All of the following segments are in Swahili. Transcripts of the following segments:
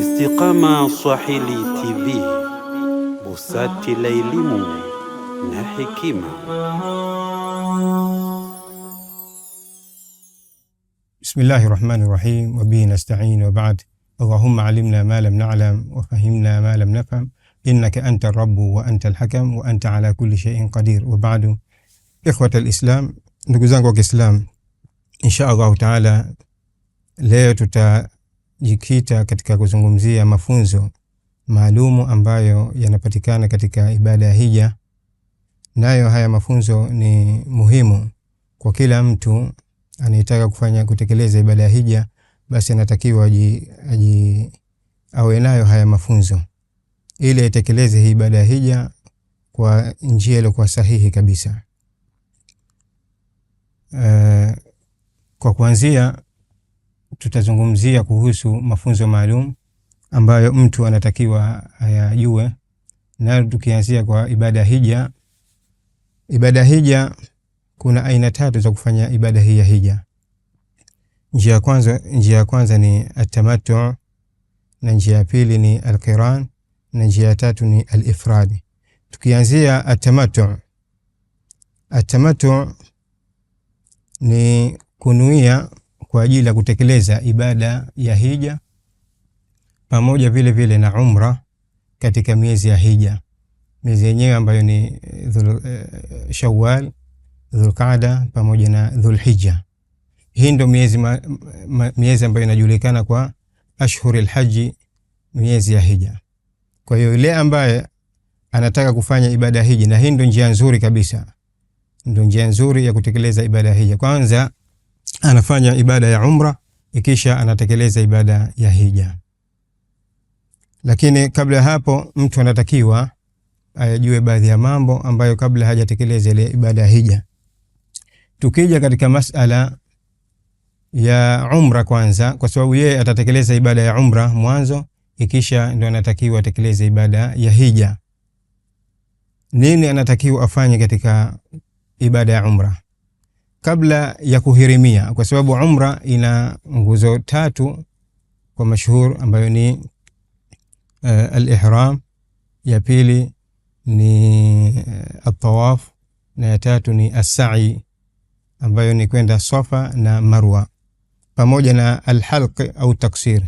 Istiqama Swahili TV, busati la elimu na hekima. Bismillahi rahmani rahim, wabihi nastain, wabaad. Allahumma alimna ma lam nalam wafahimna ma lam nafham, innaka anta rabu wa anta alhakam wa anta ala kulli shaiin qadir, wabadu. Ikhwat alislam, ndugu zangu wa Kiislam, insha allahu taala Leo tutajikita katika kuzungumzia mafunzo maalumu ambayo yanapatikana katika ibada ya hija, nayo haya mafunzo ni muhimu kwa kila mtu anayetaka kufanya kutekeleza ibada ya hija, basi anatakiwa aji, aji, awe nayo haya mafunzo ili aitekeleze hii ibada ya hija kwa njia iliyokuwa sahihi kabisa. Uh, kwa kuanzia tutazungumzia kuhusu mafunzo maalum ambayo mtu anatakiwa ayajue, na tukianzia kwa ibada hija. Ibada hija kuna aina tatu za kufanya ibada hii ya hija. Njia ya kwanza, njia ya kwanza ni atamatu, na njia ya pili ni alqiran, na njia ya tatu ni alifrad. Tukianzia atamatu, atamatu ni kunuia kwa ajili ya kutekeleza ibada ya hija pamoja vile vile na umra katika miezi ya hija, miezi yenyewe ambayo ni eh, dhul, uh, Shawwal, Dhulqaada pamoja na Dhulhija. Hii ndo miezi, ma, ma, miezi ambayo inajulikana kwa ashhuri lhaji miezi ya hija. Kwa hiyo yule ambaye anataka kufanya ibada hija, na hii ndo njia nzuri kabisa, ndo njia nzuri ya kutekeleza ibada ya hija. Kwanza anafanya ibada ya umra ikisha anatekeleza ibada ya hija. Lakini kabla ya hapo mtu anatakiwa ayajue baadhi ya mambo ambayo kabla hajatekeleza ile ibada ya hija. Tukija katika masala ya umra kwanza, kwa sababu yeye atatekeleza ibada ya umra mwanzo, ikisha ndo anatakiwa atekeleze ibada ya hija. Nini anatakiwa afanye katika ibada ya umra? kabla ya kuhirimia, kwa sababu umra ina nguzo tatu kwa mashhur ambayo ni uh, al-ihram, ya pili ni uh, at-tawaf na ya tatu ni as-sa'i ambayo ni kwenda Safa na Marwa, pamoja na al al-halq au taksir,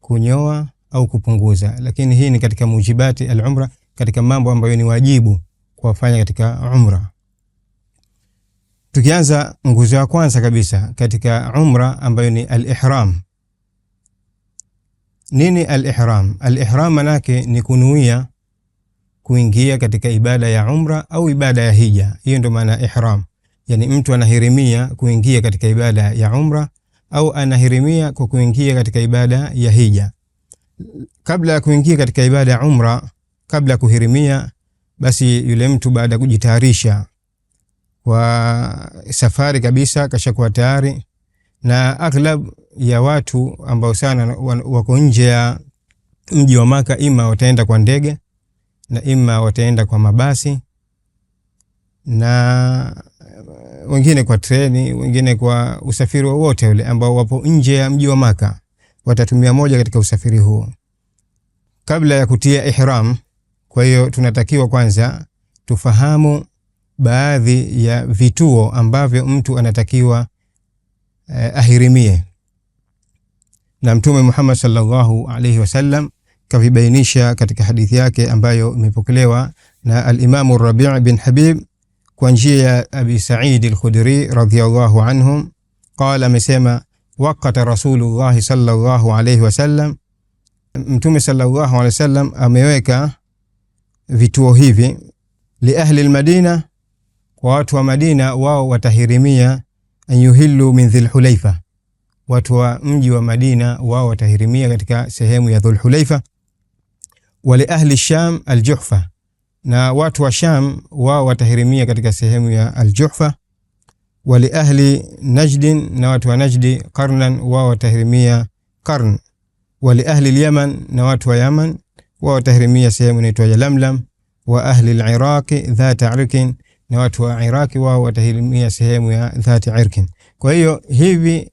kunyoa au kupunguza. Lakini hii ni katika mujibati al-umra, katika mambo ambayo ni wajibu kuwafanya katika umra. Tukianza nguzo ya kwanza kabisa katika umra ambayo ni al-ihram. Nini al-ihram? Al-ihram manake ni kunuia kuingia katika ibada ya umra au ibada ya hija. Hiyo ndio maana ihram, yani mtu anahirimia kuingia katika ibada ya umra au anahirimia kwa kuingia katika ibada ya hija. Kabla ya kuingia katika ibada ya umra, kabla ya kuhirimia, basi yule mtu baada ya kujitayarisha wa safari kabisa, kashakuwa tayari, na aglab ya watu ambao sana wako nje ya mji wa Maka, ima wataenda kwa ndege na ima wataenda kwa mabasi na wengine kwa treni, wengine kwa usafiri wowote ule ambao wapo nje ya mji wa Maka, watatumia moja katika usafiri huo kabla ya kutia ihram. Kwa hiyo tunatakiwa kwanza tufahamu baadhi ya vituo ambavyo mtu anatakiwa eh, ahirimie na Mtume Muhammad sallallahu alaihi wasallam kavibainisha katika hadithi yake ambayo imepokelewa na alimamu Rabi' bin Habib kwa njia ya Abi Sa'id al-Khudri radhiyallahu anhum qala, amesema waqata Rasulullah sallallahu alaihi wasallam, Mtume sallallahu alaihi wasallam ameweka vituo hivi li ahli al-Madina kwa watu wa Madina, wao watahirimia an yuhillu min Dhulhulaifa, watu wa mji wa Madina wao watahirimia katika sehemu ya Dhulhulaifa. Wali ahli Sham Aljuhfa, na watu wa Sham wao watahirimia katika sehemu ya Aljuhfa. Wali ahli Najdin, na watu wa Najdi Qarnan, wao watahirimia Qarn. Wali ahli Lyaman, na watu wa Yaman wao watahirimia sehemu inaitwa Lamlam. Wa ahli Liraqi Dhata Arkin na watu wa Iraki wao watahirimia sehemu ya dhati irkin. Kwa hiyo hivi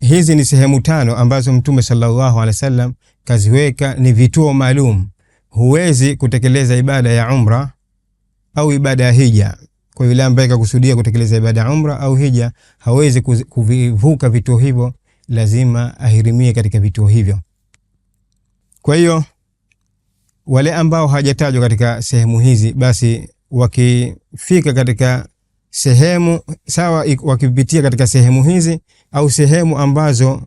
hizi ni sehemu tano ambazo Mtume sallallahu alaihi wasallam kaziweka ni vituo maalum. Huwezi kutekeleza ibada ya umra au ibada ya hija. Kwa yule ambaye kakusudia kutekeleza ibada ya umra au hija, hawezi kuvivuka vituo hivyo, lazima ahirimie katika vituo hivyo. Kwa hiyo wale ambao hawajatajwa katika sehemu hizi, basi wakifika katika sehemu sawa, wakipitia katika sehemu hizi au sehemu ambazo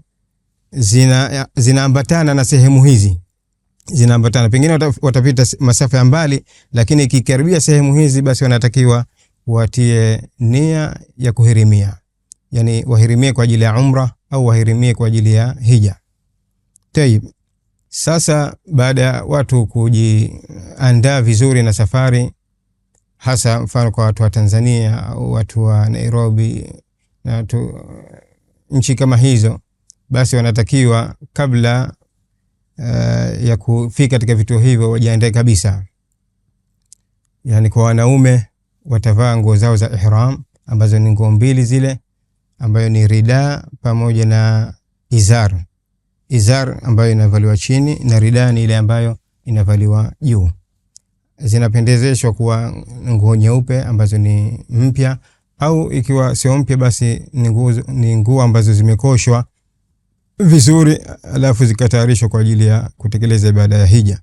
zina zinaambatana na sehemu hizi zinaambatana, pengine watapita masafa ya mbali, lakini ikikaribia sehemu hizi, basi wanatakiwa watie nia ya kuhirimia, yani wahirimie kwa ajili ya umra au wahirimie kwa ajili ya hija. Tayib. Sasa baada ya watu kujiandaa vizuri na safari hasa mfano kwa watu wa Tanzania au watu wa Nairobi na watu nchi kama hizo, basi wanatakiwa kabla uh, ya kufika katika vituo hivyo wajiandae kabisa. Yani kwa wanaume watavaa nguo zao za ihram ambazo ni nguo mbili zile, ambayo ni rida pamoja na izar. Izar ambayo inavaliwa chini na rida ni ile ambayo inavaliwa juu zinapendezeshwa kuwa nguo nyeupe ambazo ni mpya, au ikiwa sio mpya, basi ni nguo ni nguo ambazo zimekoshwa vizuri, alafu zikatayarishwa kwa ajili ya kutekeleza ibada ya hija.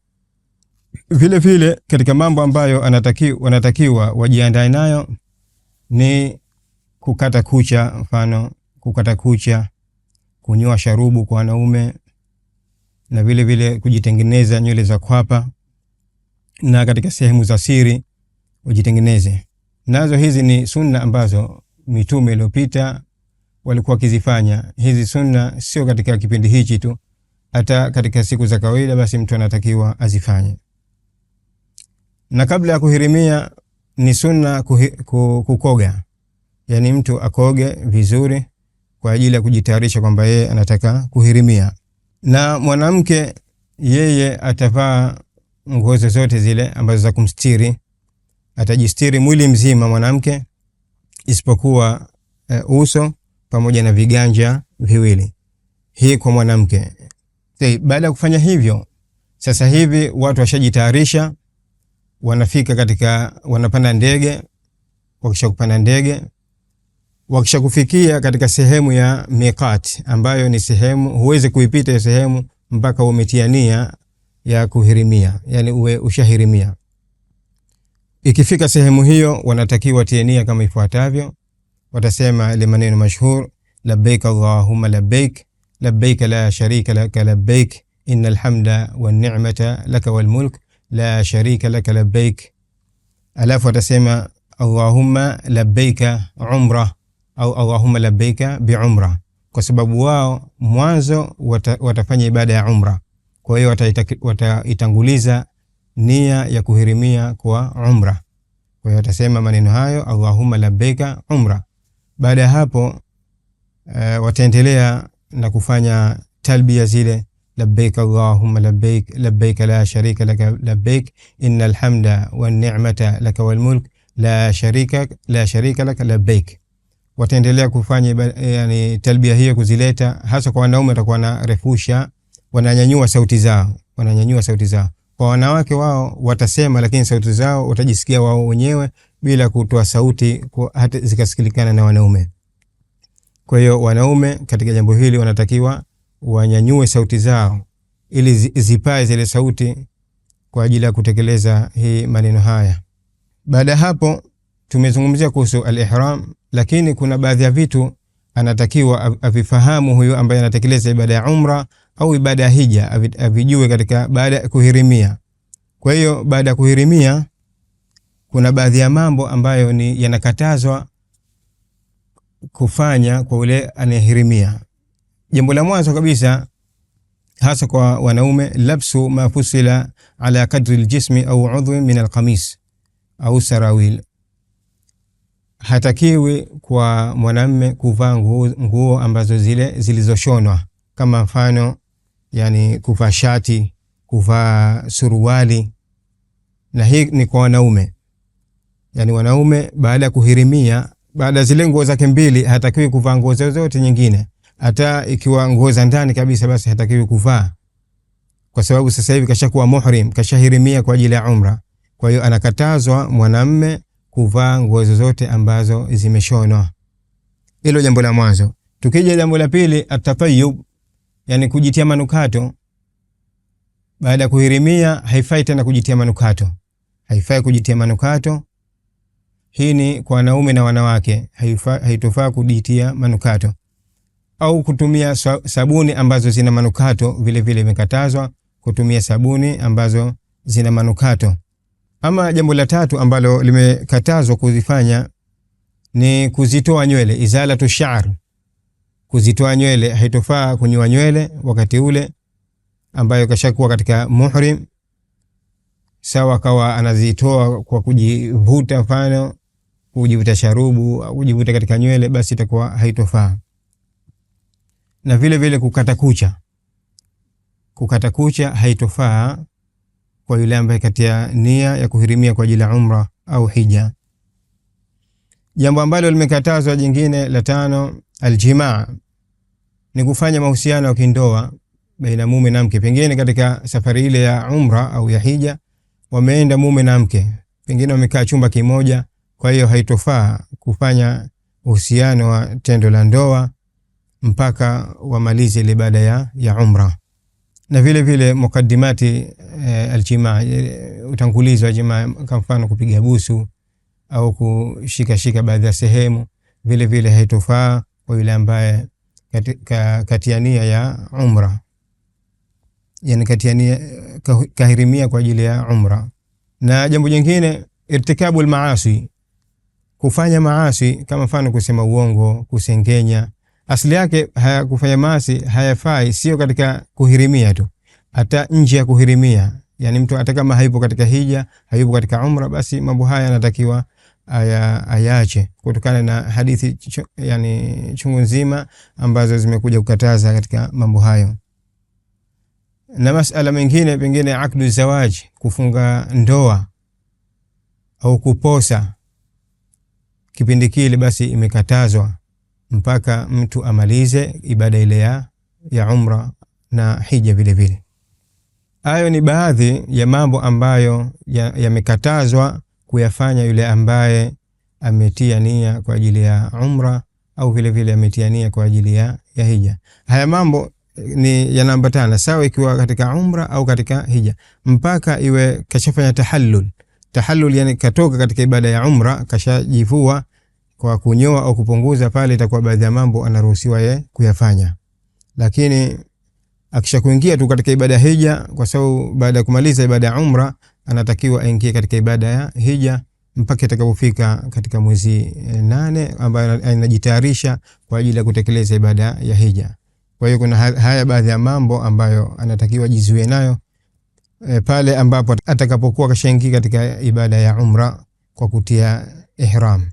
Vile vile katika mambo ambayo anatakiwa wanatakiwa wajiandae nayo ni kukata kucha, mfano kukata kucha, kunyoa sharubu kwa wanaume na vile vile kujitengeneza nywele za kwapa na katika sehemu za siri ujitengeneze. nazo. Hizi ni sunna ambazo mitume iliyopita walikuwa wakizifanya. Hizi sunna sio katika kipindi hichi tu, hata katika siku za kawaida, basi mtu anatakiwa azifanye. Na kabla ya kuhirimia ni sunna kukoga, yani mtu akoge vizuri kwa ajili ya kujitayarisha kwamba yeye anataka kuhirimia. Na mwanamke yeye atavaa nguo zozote zile ambazo za kumstiri, atajistiri mwili mzima mwanamke isipokuwa e, uso pamoja na viganja viwili. Hii kwa mwanamke. Baada ya kufanya hivyo, sasa hivi watu washajitayarisha, wanafika katika, wanapanda ndege. Wakisha kupanda ndege, wakisha kufikia katika sehemu ya miqati, ambayo ni sehemu huwezi kuipita sehemu mpaka umetiania ya kuhirimia, yani uwe ushahirimia. Ikifika sehemu hiyo, wanatakiwa tienia kama ifuatavyo. Watasema ile maneno mashhur, labbaik allahumma labbaik labbaik la sharika laka labbaik innal hamda wan ni'mata laka wal mulk la sharika laka labbaik. Alafu watasema allahumma labbaika umra au allahumma labbaika umra, kwa sababu wao mwanzo wata, watafanya ibada ya umra kwa hiyo wataitanguliza nia ya kuhirimia kwa umra. Kwa hiyo watasema maneno hayo Allahumma labbaika umra. Baada ya hapo e, wataendelea na kufanya talbia zile labbaik Allahumma labbaik labbaik la sharika laka labbaik innal hamda wan ni'mata laka wal mulk la sharika la sharika laka labbaik. Wataendelea kufanya yani talbia hiyo kuzileta, hasa kwa wanaume watakuwa na refusha wananyanyua sauti zao, wananyanyua sauti zao kwa wanawake wao watasema, lakini sauti zao watajisikia wao wenyewe bila kutoa sauti hata zikasikilikana na wanaume. Kwa hiyo wanaume katika jambo hili wanatakiwa wanyanyue sauti zao ili zipae zile sauti kwa ajili ya kutekeleza hii maneno haya. Baada ya hapo tumezungumzia kuhusu al-ihram, lakini kuna baadhi ya vitu anatakiwa avifahamu huyu ambaye anatekeleza ibada ya umra au ibada ya hija avijue katika baada ya kuhirimia. Kwa hiyo baada ya kuhirimia kuna baadhi ya mambo ambayo ni yanakatazwa kufanya kwa ule anayehirimia. Jambo la mwanzo kabisa, hasa kwa wanaume, labsu ma fusila ala kadri ljismi au udhwi min alqamis au sarawil. Hatakiwi kwa mwanamme kuvaa nguo ambazo zile zilizoshonwa, kama mfano yani kuvaa shati, kuvaa suruali, na hii ni kwa wanaume. Yani wanaume baada ya kuhirimia, baada zile nguo zake mbili, hatakiwi kuvaa nguo zozote nyingine, hata ikiwa nguo za ndani kabisa, basi hatakiwi kuvaa, kwa sababu sasa hivi kashakuwa muhrim, kashahirimia kwa ajili ya umra. Kwa hiyo anakatazwa mwanamme kuvaa nguo zozote ambazo zimeshonwa. Hilo jambo la mwanzo. Tukija jambo la pili, atafayub yani kujitia manukato baada ya kuhirimia, haifai tena kujitia manukato, haifai kujitia manukato. Hii ni kwa wanaume na wanawake, haitofaa kujitia manukato au kutumia sabuni ambazo zina manukato. Vile vile imekatazwa kutumia sabuni ambazo zina manukato. Ama jambo la tatu ambalo limekatazwa kuzifanya ni kuzitoa nywele, izalatu sha'r kuzitoa nywele, haitofaa kunyoa nywele wakati ule ambayo kashakuwa katika muhrim, sawa kawa anazitoa kwa kujivuta, mfano kujivuta sharubu kujivuta katika nywele, basi itakuwa haitofaa. Na vile vile kukata kucha, kukata kucha haitofaa kwa yule ambaye katia nia ya kuhirimia kwa ajili ya umra au hija. Jambo ambalo limekatazwa jingine la tano, aljimaa ni kufanya mahusiano ya kindoa baina mume na mke, pengine katika safari ile ya umra au ya hija wameenda mume na mke, pengine wamekaa chumba kimoja. Kwa hiyo haitofaa kufanya uhusiano wa tendo la ndoa mpaka wamalize ile ibada ya, ya umra na vile vile mukaddimati e, aljimaa e, utangulizi wa jimaa, kwa mfano kupiga busu au kushikashika baadhi ya sehemu, vile vile haitofaa kwa yule ambaye katika katia nia ya umra, yani katia nia kahirimia kwa ajili ya umra. Na jambo jingine irtikabu almaasi, kufanya maasi, kama mfano kusema uongo, kusengenya. Asili yake haya kufanya maasi hayafai, sio katika kuhirimia tu, hata nje ya kuhirimia. Yani mtu hata kama hayupo katika hija, hayupo katika umra, basi mambo haya yanatakiwa aya, ayache kutokana na hadithi ch yani chungu nzima ambazo zimekuja kukataza katika mambo hayo. Na masala mengine pengine akdu zawaj, kufunga ndoa au kuposa kipindi kile, basi imekatazwa mpaka mtu amalize ibada ile ya ya umra na hija vile vile. Hayo ni baadhi ya mambo ambayo yamekatazwa ya kuyafanya yule ambaye ametia nia kwa ajili ya umra au vile vile ametia nia kwa ajili ya, ya hija. Haya mambo eh, ni yanaambatana sawa, ikiwa katika umra au katika hija, mpaka iwe kashafanya tahallul. Tahallul yani katoka katika ibada ya umra, kashajivua kwa kunyoa au kupunguza, pale itakuwa baadhi ya mambo anaruhusiwa ye kuyafanya, lakini akisha kuingia tu katika ibada ya hija, kwa sababu baada ya kumaliza ibada ya umra anatakiwa aingie katika ibada ya hija mpaka itakapofika katika mwezi eh, nane ambayo anajitayarisha kwa ajili ya kutekeleza ibada ya hija. Kwa hiyo kuna haya baadhi ya mambo ambayo anatakiwa jizuie nayo e, pale ambapo atakapokuwa kashaingia katika ibada ya umra kwa kutia ihram,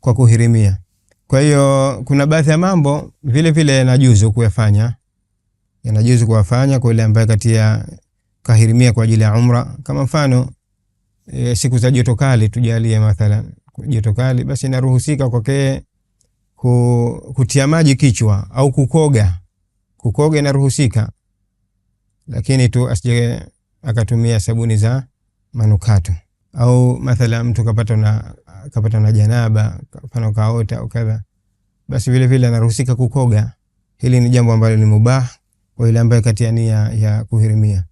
kwa kuhirimia. Kwa hiyo kuna baadhi ya mambo vile vile yanajuzu kuyafanya, yanajuzu kuyafanya kwa yule ambaye katia kahirimia kwa ajili ya umra. Kama mfano e, siku za joto kali tujalie mathalan joto kali, basi inaruhusika kwake kutia maji kichwa au kukoga. Kukoga inaruhusika, lakini tu asije akatumia sabuni za manukato au mathala mtu kapata na kapata na janaba mfano kaota au kadha, basi vile vile anaruhusika kukoga. Hili ni jambo ambalo ni mubah kwa ile ambayo kati ya nia ya kuhirimia.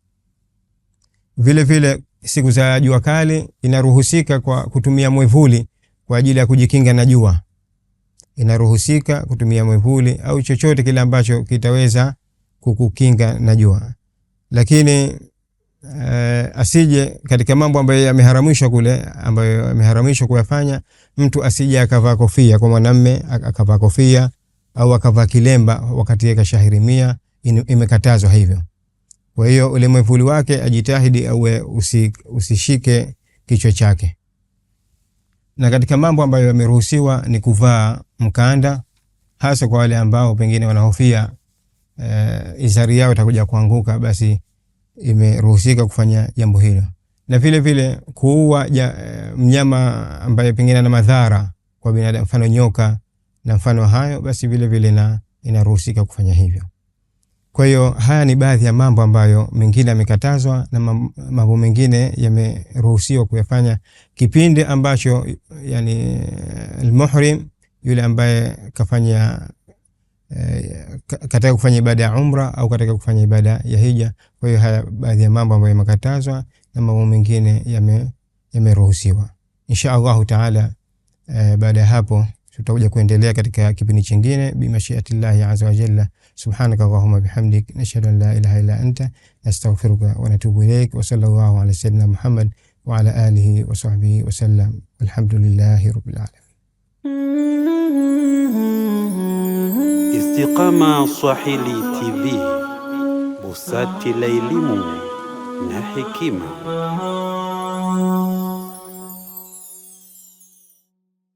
Vile vile siku za jua kali inaruhusika kwa kutumia mwevuli kwa ajili ya kujikinga na jua, inaruhusika kutumia mwevuli au chochote kile ambacho kitaweza kukukinga na jua, lakini eh, asije katika mambo ambayo yameharamishwa kule, ambayo yameharamishwa kuyafanya, mtu asije akavaa kofia kwa mwanamme, akavaa kofia au akavaa kilemba wakati yeye shahirimia, imekatazwa hivyo. Kwa hiyo ule mwevuli wake ajitahidi awe usi, usishike kichwa chake. Na katika mambo ambayo yameruhusiwa ni kuvaa mkanda, hasa kwa wale ambao pengine wanahofia uh, izari yao itakuja kuanguka, basi imeruhusika kufanya jambo hilo, na vile vile kuua ja, eh, mnyama ambaye pengine ana madhara kwa binadamu, mfano nyoka na mfano hayo, basi vile vile na inaruhusika kufanya hivyo. Kwa hiyo haya ni baadhi ya mambo ambayo mengine yamekatazwa na mambo mengine yameruhusiwa kuyafanya kipindi ambacho yani almuhrim yule ambaye kafanya eh, kataka katika kufanya ibada ya umra au katika kufanya ibada ya hija. Kwa hiyo haya baadhi ya mambo ambayo yamekatazwa na mambo mengine yameruhusiwa. Insha Allahu taala eh, baada ya hapo tutakuja kuendelea katika kipindi chingine bimashiati llahi azza wa jalla. Subhanaka allahumma bihamdik nashhadu an la ilaha illa anta nastaghfiruka wa natubu ilaik wa sallallahu ala sayyidina Muhammad wa ala alihi wa sahbihi wa sallam. Alhamdulillahi rabbil alamin. Istiqama Swahili TV, busati la elimu na hekima.